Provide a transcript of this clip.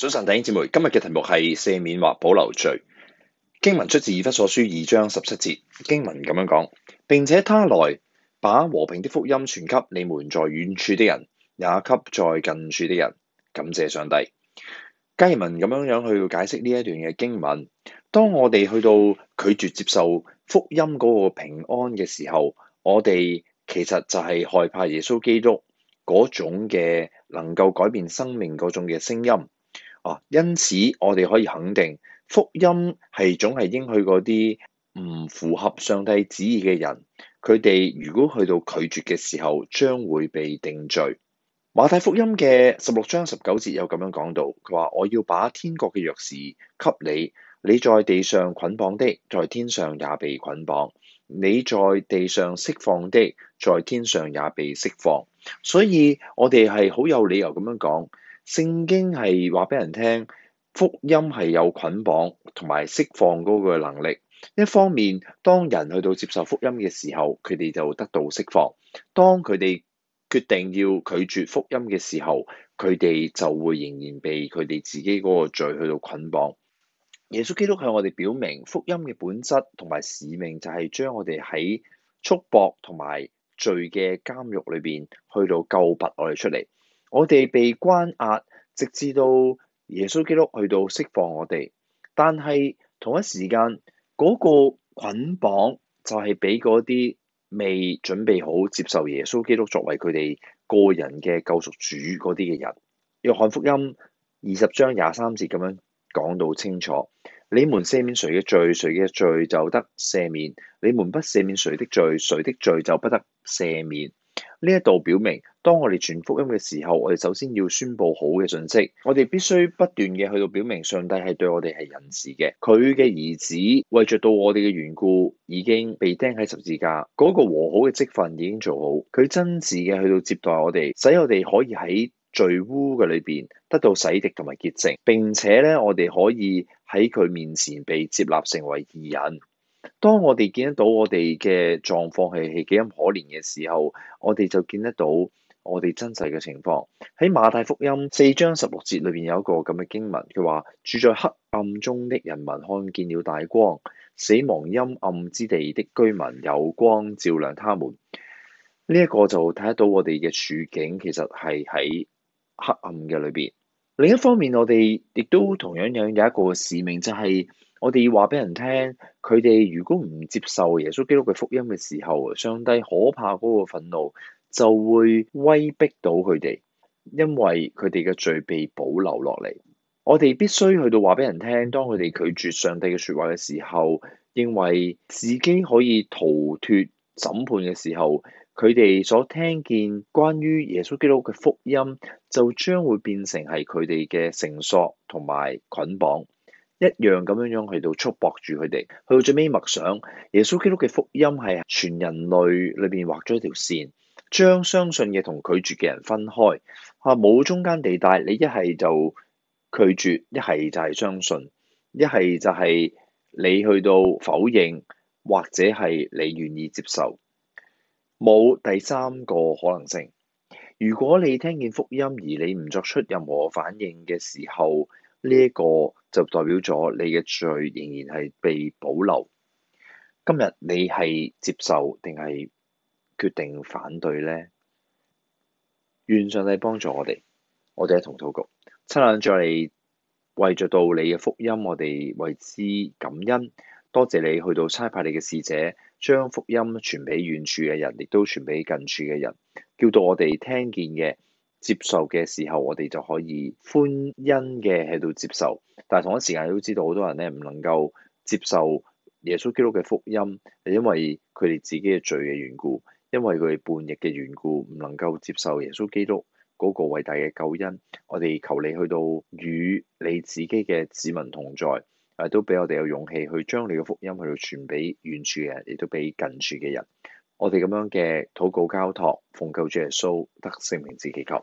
早晨，弟兄姊妹，今日嘅題目係赦免或保留罪。經文出自以弗所書二章十七節，經文咁樣講，並且他來把和平的福音傳給你們在遠處的人，也給在近處的人。感謝上帝。佳文咁樣樣去解釋呢一段嘅經文。當我哋去到拒絕接受福音嗰個平安嘅時候，我哋其實就係害怕耶穌基督嗰種嘅能夠改變生命嗰種嘅聲音。啊，因此我哋可以肯定，福音係總係應許嗰啲唔符合上帝旨意嘅人。佢哋如果去到拒絕嘅時候，將會被定罪。馬太福音嘅十六章十九節有咁樣講到，佢話：我要把天國嘅鑰匙給你，你在地上捆綁的，在天上也被捆綁；你在地上釋放的，在天上也被釋放。所以我哋係好有理由咁樣講。聖經係話俾人聽，福音係有捆綁同埋釋放嗰個能力。一方面，當人去到接受福音嘅時候，佢哋就得到釋放；當佢哋決定要拒絕福音嘅時候，佢哋就會仍然被佢哋自己嗰個罪去到捆綁。耶穌基督向我哋表明，福音嘅本質同埋使命，就係將我哋喺束縛同埋罪嘅監獄裏邊，去到救拔我哋出嚟。我哋被關押，直至到耶穌基督去到釋放我哋。但係同一時間，嗰個捆綁就係俾嗰啲未準備好接受耶穌基督作為佢哋個人嘅救贖主嗰啲嘅人。約翰福音二十章廿三節咁樣講到清楚：你們赦免誰嘅罪，誰嘅罪就得赦免；你們不赦免誰的罪，誰的罪就不得赦免。呢一度表明，當我哋傳福音嘅時候，我哋首先要宣佈好嘅信息。我哋必須不斷嘅去到表明上帝係對我哋係仁慈嘅。佢嘅兒子為着到我哋嘅緣故，已經被釘喺十字架，嗰、那個和好嘅職分已經做好。佢真摯嘅去到接待我哋，使我哋可以喺罪污嘅裏邊得到洗滌同埋潔淨。並且咧，我哋可以喺佢面前被接納成為義人。當我哋見得到我哋嘅狀況係係幾咁可憐嘅時候，我哋就見得到我哋真實嘅情況。喺馬太福音四章十六節裏邊有一個咁嘅經文，佢話住在黑暗中的人民看見了大光，死亡陰暗之地的居民有光照亮他們。呢、這、一個就睇得到我哋嘅處境，其實係喺黑暗嘅裏邊。另一方面，我哋亦都同樣有有一個使命，就係、是。我哋要話俾人聽，佢哋如果唔接受耶穌基督嘅福音嘅時候，上帝可怕嗰個憤怒就會威逼到佢哋，因為佢哋嘅罪被保留落嚟。我哋必須去到話俾人聽，當佢哋拒絕上帝嘅説話嘅時候，認為自己可以逃脫審判嘅時候，佢哋所聽見關於耶穌基督嘅福音，就將會變成係佢哋嘅繩索同埋捆綁。一樣咁樣樣去到束縛住佢哋，去到最尾，默想耶穌基督嘅福音係全人類裏邊畫咗一條線，將相信嘅同拒絕嘅人分開。話，冇中間地帶，你一係就拒絕，一係就係相信，一係就係你去到否認，或者係你願意接受，冇第三個可能性。如果你聽見福音而你唔作出任何反應嘅時候，呢一個就代表咗你嘅罪仍然係被保留。今日你係接受定係決定反對咧？願上帝幫助我哋，我哋一同禱告，親眼在嚟為著到你嘅福音，我哋為之感恩。多謝你去到差派你嘅使者，將福音傳俾遠處嘅人，亦都傳俾近處嘅人，叫到我哋聽見嘅。接受嘅時候，我哋就可以歡欣嘅喺度接受。但係同一時間都知道，好多人咧，唔能夠接受耶穌基督嘅福音，因為佢哋自己嘅罪嘅緣故，因為佢哋叛逆嘅緣故，唔能夠接受耶穌基督嗰個偉大嘅救恩。我哋求你去到與你自己嘅子民同在，誒、啊、都俾我哋有勇氣去將你嘅福音去到傳俾遠處嘅人，亦都俾近處嘅人。我哋咁樣嘅禱告交託，奉救主耶穌得勝名字祈求。